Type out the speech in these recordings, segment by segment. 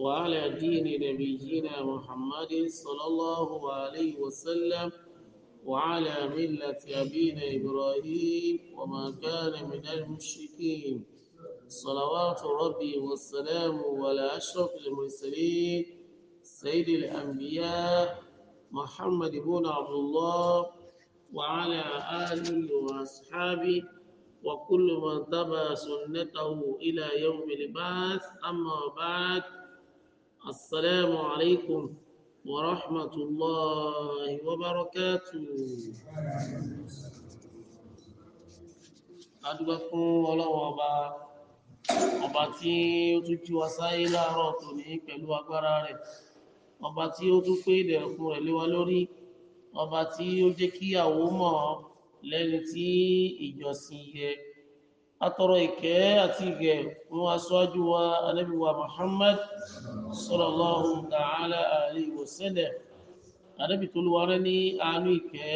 وعلى دين نبينا محمد صلى الله عليه وسلم وعلى ملة أبينا إبراهيم وما كان من المشركين صلوات ربي والسلام على أشرف المرسلين سيد الأنبياء محمد بن عبد الله وعلى آله وأصحابه وكل من تبع سنته إلى يوم البعث أما بعد السلام عليكم ورحمة الله وبركاته adúgbà fún ọlọ́wọ́ ọba ọba tí ó tún jí wa sáyé láàárọ̀ tó ní pẹ̀lú agbára rẹ̀ ọba tí ó tún pé ìdẹ̀kùn rẹ̀ léwa lórí ọba tí ó jẹ́ kí àwòmọ̀ lẹ́ni tí ìjọsìn yẹ atọrọ ìkẹ́ àti ìgẹ̀ fún aṣáájú wa ànábì Muhammad sallallahu ta'ala alaihi wa sallam ànábì tó lúwa rẹ̀ ní àánú ìkẹ́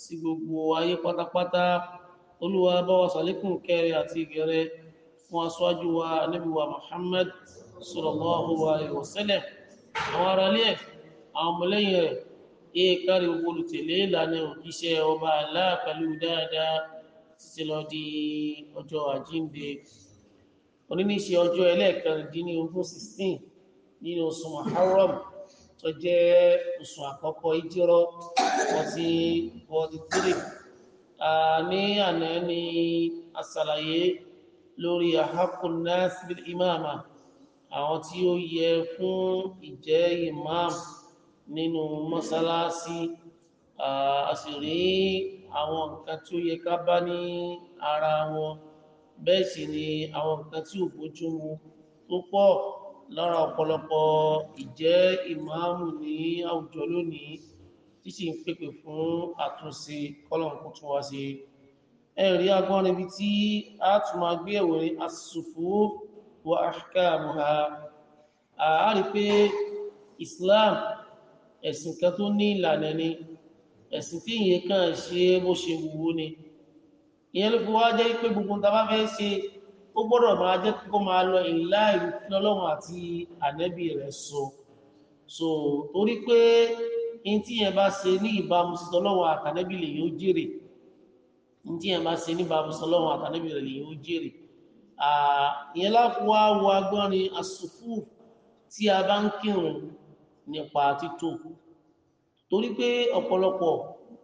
sí gbogbo ayé pátápátá olúwa bá wa sàlékún kẹrẹ àti ìgẹrẹ fún aṣáájú wa ànábì Muhammad sallallahu alaihi wa sallam àwọn ará ilé àwọn ọmọlẹ́yìn rẹ̀ èèkárí gbogbo olùtẹ̀lé títí lọ di ọjọ́ àjíǹde oníníṣe ọjọ́ ẹlẹ́ẹ̀kẹrìndínlógún 16 nínú oṣù Muharram tó jẹ́ oṣù àkọ́kọ́ ìjírọ́ 43 ní àná ni àṣàlàyé lórí ahakun nas bil imama àwọn tí ó yẹ fún ìjẹ́ imam nínú mọ́sálásí àṣìrí àwọn nǹkan tí ó yẹ ká bá ní ara wọn bẹ́ẹ̀ sì ni àwọn nǹkan tí ò bójú mu tó pọ̀ lára ọ̀pọ̀lọpọ̀ ìjẹ́ ìmáàmù ní àwùjọ lónìí tí sì ń pèpè fún àtúnṣe kọ́lọ̀nkún tún wá sí ẹ̀rí agbọ́n níbi tí a tún máa gbé ẹ̀wọ̀ ní asùfú wa ahkamuha àárí pé Islam ẹ̀sìn kan tó ní ìlànà ni ẹ̀sìn tí ìyẹn kàn ṣe bó ṣe wúwo ni ìyẹn ló fi wá jẹ́ pé gbogbo tá a bá fẹ́ ṣe ó gbọ́dọ̀ máa jẹ́ kó máa lọ ìlà ìrúfin so torí pé in tí yẹn bá ṣe ní ìbámu sí tọlọ́run àtànẹ́bí lè yóò jèrè in tí yẹn bá ṣe ní ìbámu sí tọlọ́run àtànẹ́bí a bá ń kírun nípa títò torí pé ọ̀pọ̀lọpọ̀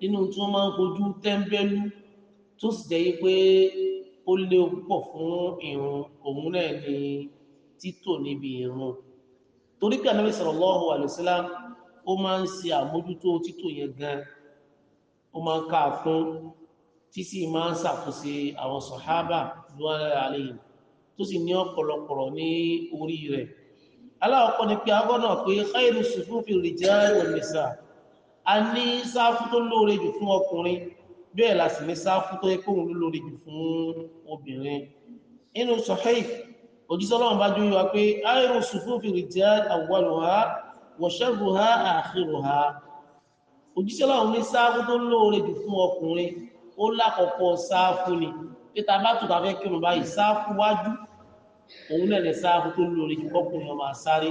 nínú tí wọ́n máa ń fojú tẹ́ńbẹ́lú tó sì jẹ́ yí pé ó léwu púpọ̀ fún ìrun òun náà ni títò níbi ìrun torí pé Ànábì sallallahu alaihi wasallam ó máa ń ṣe àmójútó títò yẹn gan ó máa ń ká fún tí sì máa ń ṣàkóso àwọn sàhábà tó sì ní ọ̀pọ̀lọpọ̀rọ̀ ní orí rẹ̀ aláwọ̀kọ́ ni pé agbọ́nà pé khairu sufufi rijal wan nisa a ní sáfù tó lóore jù fún ọkùnrin bẹ́ẹ̀ la sì ní sáfù tó yẹ kó òun lóore jù fún obìnrin inú sahih òjísọ́lọ́wọ́n bá jó yíwa pé ayru sufufi rijal awwaluha wa sharruha akhiruha òjísọ́lọ́wọ́n ní sáfù tó lóore jù fún ọkùnrin ó lákọ̀ọ́kọ́ sáfù ni pété bá tó tàbí kírun báyìí sáfù wájú òun náà ní sáfù tó lóore jù fọkùnrin ọmọ àsáré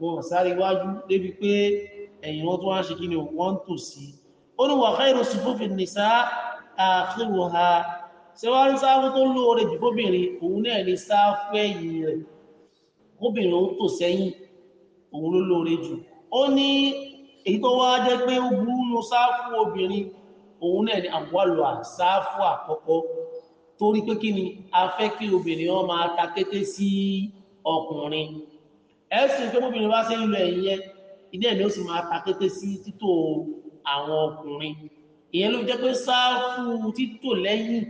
wọn sáré wájú débi pé ẹ̀yìn wọn tó wá ṣe kí ni wọ́n tò sí ó ní wa khairu sufufin nisa akhiruha ṣẹwárí sáfú tó lóore jù fóbìnrin òun náà ní sáfú ẹ̀yìn rẹ̀ fóbìnrin ó tò sẹ́yìn òun ló lóore jù ó ní èyí tó wá jẹ́ pé ó burú nu sáfú obìnrin òun náà ni a fẹ́ kí ọkùnrin ẹ̀sìn pé mọ́bìnrin bá ṣe ń lọ ẹ̀yẹ ilé ẹ̀ ni ó sì máa ta kété sí títò àwọn ọkùnrin ìyẹn ló jẹ́ pé sáfù títò lẹ́yìn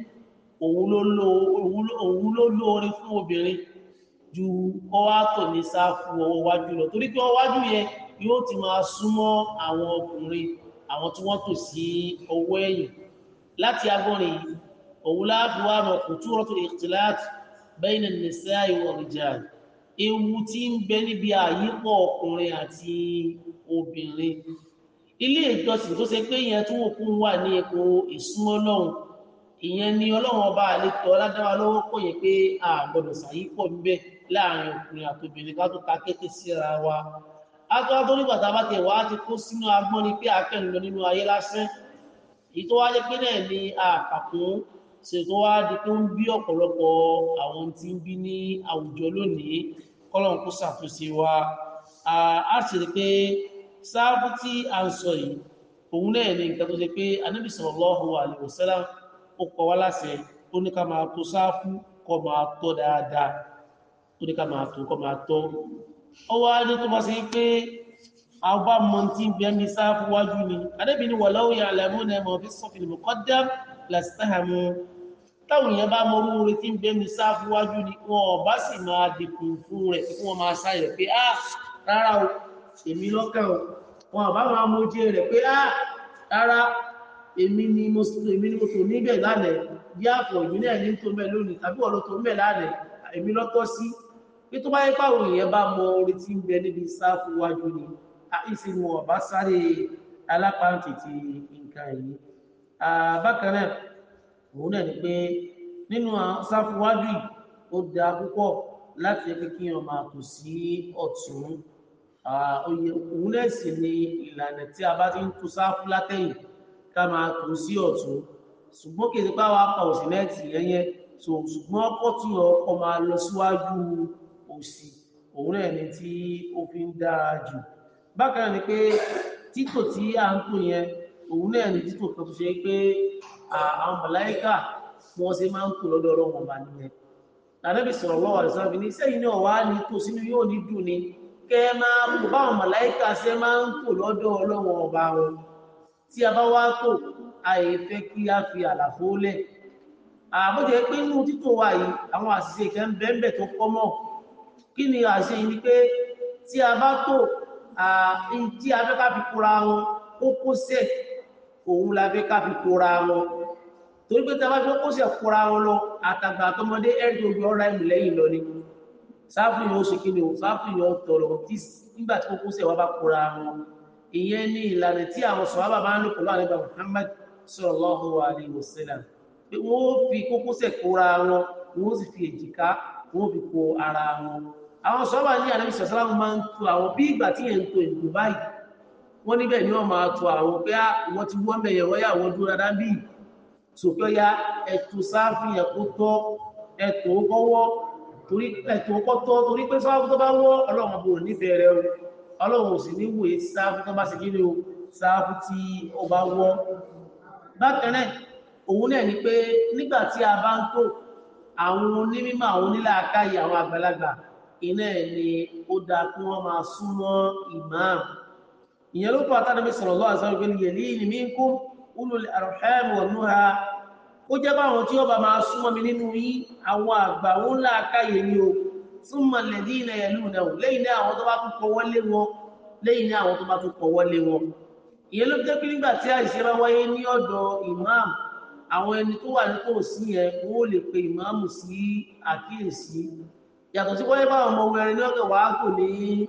òun ló lóore fún obìnrin ju ọwá tò ní sáfù ọwọ́ wájú lọ torí pé ọwọ́ wájú yẹn yóò ti máa súnmọ́ àwọn ọkùnrin àwọn tí wọ́n tò sí ọwọ́ ẹ̀yìn láti agbọ́nrin òun láàfin wá mọ̀ kò túrọ̀ tó ìtìláàtì bẹ́yìn nìsáà ìwọ̀n ìjáàdì ewu tí ń bẹ níbi àyípọ̀ ọkùnrin àti obìnrin ilé ìjọsìn tó ṣe pé ìyẹn tó òkú wà ní ipò ìsúnmọ́ lọ́hùn ìyẹn ni ọlọ́run ọba àletọ ládáwà lọ́wọ́ pọ̀ yẹn pé a gbọ́dọ̀ ṣàyípọ̀ níbẹ̀ láàrin ọkùnrin àti obìnrin ká tó ta kété síra wa atọ́wá tó nígbà tá a bá tẹ̀ wá ti kó sínú agbọ́n ni pé akẹ́nu lọ nínú ayé lásán èyí tó wáyé pé náà ni àkàkùn ṣètò wá di tó ń bí ọ̀pọ̀lọpọ̀ àwọn tí ń bí ní àwùjọ lónìí kọ́lọ̀n kó ṣàtúnṣe wa a sì rí pé sáàbù tí a ń sọ yìí òun náà ní nǹkan tó ṣe pé anábì alaihi wasallam ó kọ wá láṣẹ ó ní ká máa tó sáàfù kọ máa tọ́ dáadáa ó ní ká máa tó kọ máa tọ́ àwọn bá mọ tí ń bẹ́ẹ̀ ní sáàfù wájú ni adébìnrin walau ya'lamuna ma fi s-safi al-muqaddam làṣítàhámù táwọn èèyàn bá mọ orú orí tí ń bẹ́nu sáfù wájú ni wọn ọ̀bá sì máa dìkù fún rẹ̀ kí wọ́n máa sáyẹ̀ pé á ah, rárá o èmi lọ́kàn o wọn ọ̀bá máa mójú rẹ̀ pé á ah, rárá èmi ni mo tò níbẹ̀ lálẹ́ bí àpọ̀ ìmínẹ̀ ní tó mẹ́ lónìí tàbí wọ́n ló tó ni àìsí wọn ọ̀bá sáré alápáǹtì ti bákan náà òun náà ni pé nínú sáfúwájú ó da púpọ̀ láti ẹgbẹ́ kí wọn máa kù sí ọ̀tún òun náà sì ni ìlànà tí a bá ti ń tu sáfú látẹ̀yìn ká máa kù sí ọ̀tún ṣùgbọ́n kì í ṣe páwọn òsì náà tì ṣùgbọ́n ọkọ̀ tí ọkọ̀ máa lọ síwájú òsì òun náà ni tí ó fi ń dára jù bákan ni pé títò tí à ń tò yẹn òun náà ní títò kan tó ṣe pé àwọn màláíkà wọ́n ṣe máa ń kú lọ́dọ̀ ọ̀rọ̀ wọn bá nìyẹn lànàbì sọ̀rọ̀ lọ́wọ́ àdìsáàbì ní sẹ́yìn náà wá ní tó sínú yóò ní dùn ni kẹ́ máa kú báwọn màláíkà ṣe máa ń kú lọ́dọ̀ ọlọ́wọ́ a bá wá tó a fi àlàfo lẹ̀ àbójẹ́ pé inú títò wà yìí àwọn àṣìṣe kan bẹ́ẹ̀ a bá tó tí a ó kó sẹ́ẹ̀ òun la fẹ́ ká fi kóra wọn torí pé tàbá fẹ́ kó sì kóra wọn lọ àtàgbà àtọmọdé ẹ̀rí omi ọ̀rá ìlú lẹ́yìn lọ ni sáfìyàn oṣù kí ni o sáfìyàn tọ̀rọ̀ tí nígbà tí kókó sẹ̀wá bá kóra wọn ìyẹn ní ìlànà tí àwọn sọ̀hábà máa ń lò pẹ̀lú àlẹ́bà Muhammad sallallahu alaihi wasallam pé wọ́n fi kókó sẹ̀ kóra wọn wọ́n sì fi èjìká wọ́n fi kó ara ní tu àwọn wọ́n níbẹ̀ ni wọ́n máa tọ àwọn pé ah, wọ́n ti wọ́n bẹ̀yẹ̀ wọ́yà wọ́n dúró dáadáa bí sòpé ọya ẹ̀tù sáfihàn kó tọ́ ẹ̀tù kọ́wọ́ ẹ̀tù kọ́tọ́ torí pé sáfù tó bá wọ́ ọlọ́run bò nífẹ̀ẹ́ rẹ ọlọ́run sì ní wòye sáfù tó bá sì ni o sáfù tí ó bá wọ́ bákan ni pé nígbà tí a bá àwọn onímọ̀ àwọn àwọn àgbàlagbà iná ẹ̀ ni ó dáa kí wọ́n máa súnmọ́ ìmáàmù ìyẹn ló fà tánàbí sallallahu alaihi wasallam pẹ̀lú yẹ̀lí ni minkum ulul arham wan nuha ó jẹ́ báwọn tí ó bá máa súnmọ́ mi nínú yí àwọn àgbà wọn láàkáyè ní o súnmọ́ lẹ́dí ilẹ̀ ẹ̀lú náà lẹ́yìn náà àwọn tó bá tún pọ̀wọ́ lé wọn lẹ́yìn náà àwọn tó bá tún pọ̀wọ́ lé wọn ìyẹn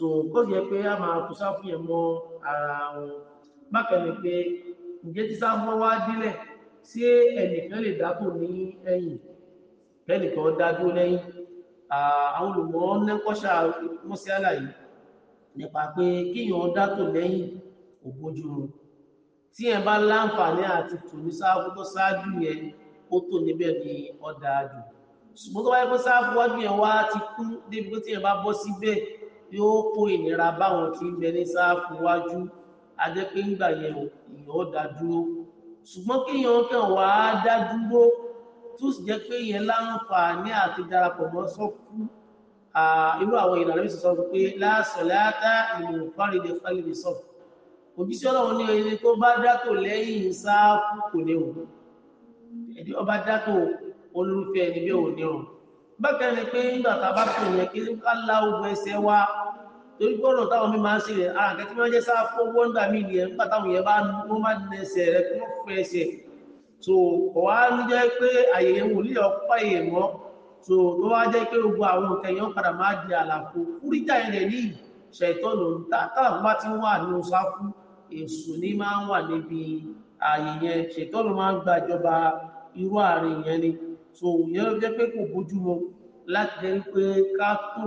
so kó yẹ pé a máa kó sáfù yẹn mọ ara wọn bákan ni pé ǹjẹ́ tí sáfù wá délẹ̀ sí ẹnìkan lè dákò ní ẹ̀yìn kẹ́nìkan dájú lẹ́yìn àwọn olùmọ̀ nẹ́kọ́ṣà mọ́sí àlàyé nípa pé kíyàn dákò lẹ́yìn ògbójú wọn tí ẹ bá láǹfààní àti tòní sáfù tó ṣáájú yẹn ó tò níbẹ̀ ní ọ̀dà àjò ṣùgbọ́n tó wáyé pé sáfù wájú yẹn wá ti kú débi tó tí ẹ bá bọ́ síbẹ̀ yóò kó ìnira báwọn tí ń bẹ ní sáàfù wájú ajẹ́ pé ńgbà yẹn èèyàn ó dá dúró ṣùgbọ́n kéèyàn kàn wá dá dúró tó sì jẹ́ pé yẹn láǹfààní àti darapọ̀ mọ́ sọ́kú irú àwọn ìlànà yìí sọ pé láàsọ̀ láátá ìmọ̀ ìfárinlẹ̀ fárinlẹ̀ sọ òjíṣẹ́ ọlọ́run ní ẹni tó bá dákò lẹ́yìn sáàfù kò ní òun ẹni ọba dákò olólùfẹ́ ẹni bí òun ní òun bákan ni pé ńgbà tá a bá kò yẹn kí ká lá ogun ẹsẹ̀ wa torí gbọ́dọ̀ táwọn mi máa ń ṣe rẹ̀ ara nǹkan tí wọ́n jẹ́ sáà fún wọ́ndà mí nìyẹn nígbà táwọn yẹn bá mú má nẹsẹ̀ rẹ̀ kí wọ́n fẹ́ ẹsẹ̀ tó ọ̀wá ló jẹ́ pé àyè ń wò nílẹ̀ ọ̀pá èèyàn mọ́ tó tó wá jẹ́ pé gbogbo àwọn nǹkan èèyàn padà máa di àlàfo kúríjà ilẹ̀ ní ṣẹ̀tọ́nù táwọn bá ti ń wà nínú sáfù èṣù ní máa ń wà níbi ààyè yẹn ṣètọ́nù máa ń gbàjọba irú àárín yẹn ni tó yẹn ló jẹ́ pé kò bójú mu láti jẹ́ pé ká tó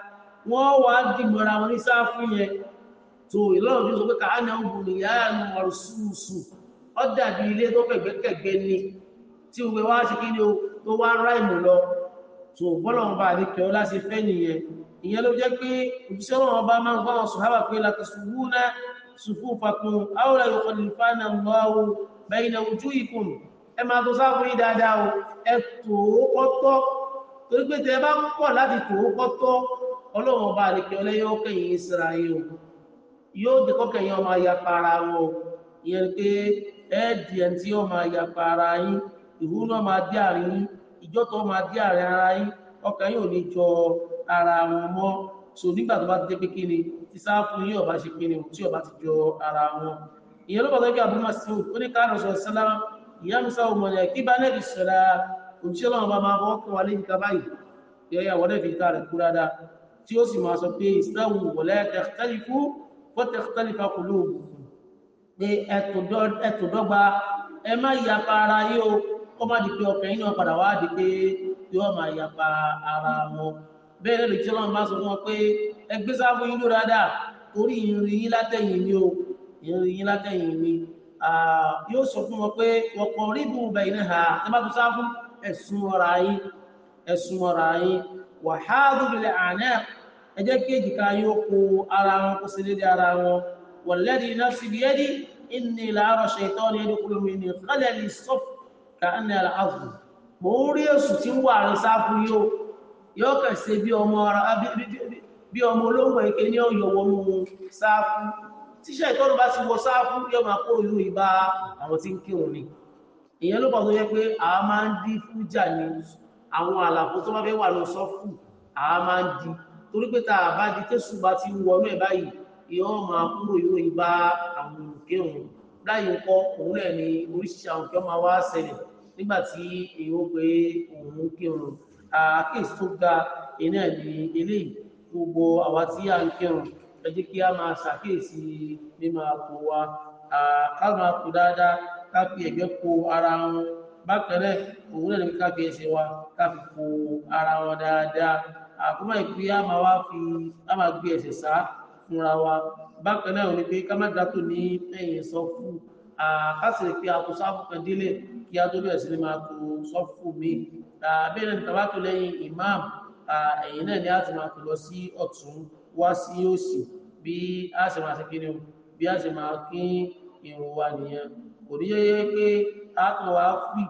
wọ́n wá dìgbọ́ra wọn ní sáfún yẹn tó ìlọ́run tó sọ pé káà náà gùn ní yáàrùn ọ̀rùsùsù ó dàbí ilé tó kẹ̀gbẹ́kẹ̀gbẹ́ ni tí òwe wá sí kíni tó wá ráìmù lọ tó bọ́lọ̀n bá ní kẹ́ láti fẹ́ nìyẹn ìyẹn ló jẹ́ pé òjíṣẹ́ ọlọ́run bá máa ń fọ́nà sùhábà pé láti sùwú náà sùfú fakun áwòrán yòókàn lè fa náà lọ àwọn bẹ́yìn ojú ikùn tó sáfún torí pé tẹ bá pọ̀ láti tòó kọ́tọ́ ọlọ́run ọba àlekẹ́ ọlẹ́ yóò kẹ́yìn síra yín o yóò dẹ́kọ́ kẹ́yìn ọmọ ayapa ara wọn ìyẹn pé ẹ́ẹ̀dì ẹ̀ tí ó máa yapa ara yín ìwúlò máa dí àárín yín ìjọ tó máa dí àárín ara yín ọkàn yóò ní jọ ara wọn mọ́ so nígbà tó bá ti dé pé kí ni ti sáfù yín ọba ṣe pé ni tí ọba ti jọ ara wọn ìyẹn ló bọ̀ lọ́gbẹ́ Abu Mas'ud ó ní káàrọ̀ sọ sẹ́lá ìyá mi sáwọn ọmọ rẹ̀ kí bá lẹ́bi sọ̀rọ̀ òjíṣẹ́ lọ́wọ́ bá máa fọwọ́ kún wa lẹ́yìn ká báyìí ìyá ìyàwó lẹ́bi ká rẹ̀ kú dáadáa tí ó sì máa sọ pé ìsáwù wọ̀lẹ́ tẹ̀kítẹ́lifú fọ́tẹ̀kítẹ́lifá kò lóògùn pé ẹ̀tùdọ́gba ẹ má yapa ara yíò ó má di pé ọkàn yín náà padà wá di pé yóò máa yapa ara wọn bẹ́ẹ̀ lẹ́nu tí ọlọ́run bá sọ fún wọn pé ẹgbẹ́ sáfún yín lóra dáa torí ìrìn yín látẹ̀yìn mi o wàhálù bìlẹ̀ àná ẹ jẹ́ kí èjìká yóò kó ara wọn kó sí lédè ara wọn wọ̀lẹ́dì nafsi biyadi inni làárọ̀ ṣètọ́ ní ẹni kúrò mi ní ìfẹ́lẹ̀ ní sọ́f ká ní àlàáfù mò wà ní sáfù sí bí ọmọ ara bí ọmọ ní ọ̀yọ̀ wọnú sáfù tíṣẹ́ bá ti wọ sáfù yóò máa kó ìlú ìbá àwọn tí ń kírun ni ìyẹn ló pàtó yẹ pé a máa ń dín fújà ní àwọn àlàfo tó bá fẹ́ wà lọ sọ́fù àá máa ń di torí pé tá a bá di tẹ́sù bá ti wọnú ẹ̀ báyìí ìyọ́n máa kúrò yóò ibá àwọn olùkérùn láyé ńkọ́ òun náà ni oríṣiríṣi àwọn kí wọ́n máa wá ṣẹlẹ̀ nígbà tí èèyàn pé òun kírun àkíyèsí tó ga iná ní eléyìí gbogbo àwa tí a ń kírun ẹ a máa ṣàkíyèsí mímọ̀ àpò wa ká máa kú dáadáa ká fi ẹ̀gbẹ́ po ara wọn bákẹ̀rẹ̀ òun náà ní káfí ẹsẹ̀ wa káfí kó ara wọn dáadáa àkómọ̀ ìpín a máa wá fi a máa gbé ẹsẹ̀ sá fúnra wa bákẹ̀rẹ̀ òun ni pé ká má dátò ní ẹ̀yìn sọ́fù àkásìrè pé a kò sáfù kan délé kí a tó bẹ̀rẹ̀ sí ni máa kó sọ́fù mi tàbí ẹni tàbá tó lẹ́yìn imam ẹ̀yìn náà ni a ti máa kó lọ sí ọ̀tún wá sí òsì bí a sì máa ṣe kí ni bí a sì máa kí ìrùn nìyẹn kò ní yẹ́ pé àtọ̀wà fún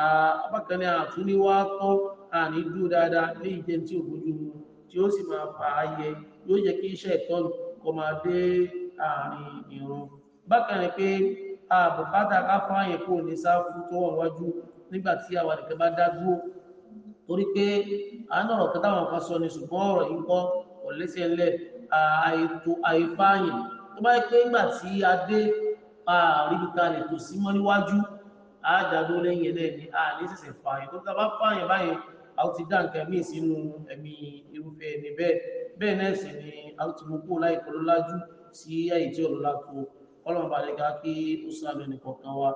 àbákaní àtúníwá tọ́ àní dúró dáadáa ní ìjẹ tí ò bójú mu tí ó sì máa pa ayẹ yóò jẹ́ kí iṣẹ́ ìtọ́nù kọ máa dé àárín ìrun bákan rẹ̀ pé àbùkátà ká fún àyẹ̀ kó ní sáfù tó wà wájú ni ṣùgbọ́n a dé àríbi kalẹ̀ tó àádádó lẹ́yìn ẹlẹ́ni a ní ṣẹ̀ṣẹ̀ fààyàn tó tàbá fààyàn báyìí a ó ti dá nǹkan míì sínú ẹ̀mí irúfẹ́ ẹni bẹ́ẹ̀ bẹ́ẹ̀ náà sì ni a ó ti mú kó láì kọ́ lọ́lájú sí àyè tí ọ̀lọ́lá kó ọlọ́run bá lẹ́gà kí ó sáré nìkan kan wa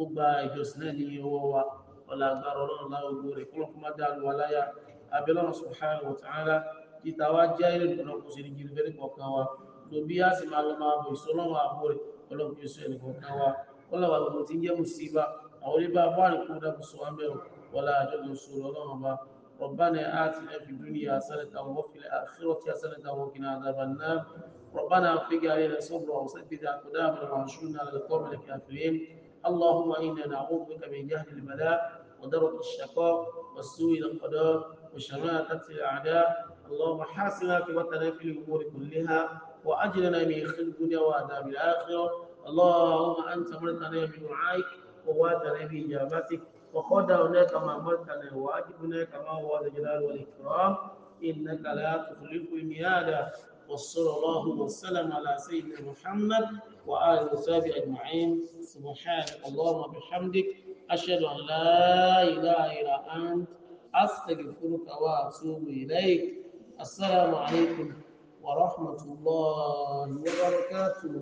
ó gba ìjọsìn náà ní ọwọ́ wa ọ̀là agbára ọlọ́run láwọn ogun rẹ̀ kọ́lọ́ kó má dá lu aláyà abẹ́lọ́run subhanahu wa ta'ala ìta wa jẹ́ ìrìn ọ̀nà kò sí ní jìnnì bẹ́ẹ̀ wa lóbi á sì máa lọ máa bọ̀ ìsọ́lọ́run àbúrò ọlọ́run kò sí ẹnìkan wa ọlọ́run àgbègbè tí ń jẹ́ mùsíbà àwọn oníbà bá rí ولا dákú sọ àmì wọlá ربنا آتنا في الدنيا حسنة وفي الآخرة حسنة وقنا عذاب النار ربنا أفرج علينا صبرا وثبت أقدامنا وانصرنا على القوم الكافرين اللهم إنا نعوذ بك من جهل البلاء ودرك الشقاء والسوء القضاء وشماتة الأعداء اللهم حاسنا عاقبتنا في الأمور كلها وأجرنا من خلق الدنيا وعذاب الآخرة اللهم أنت مرتنا من بدعائك قوات بإجابتك وخذ هناك ما مكن واجبنا كما هو الجلال والإكرام إنك لا تخلف المياد وصلى الله وسلم على سيدنا محمد وآله وصحبه أجمعين سبحانك اللهم وبحمدك أشهد أن لا إله إلا أنت أستغفرك وأتوب إليك السلام عليكم ورحمة الله وبركاته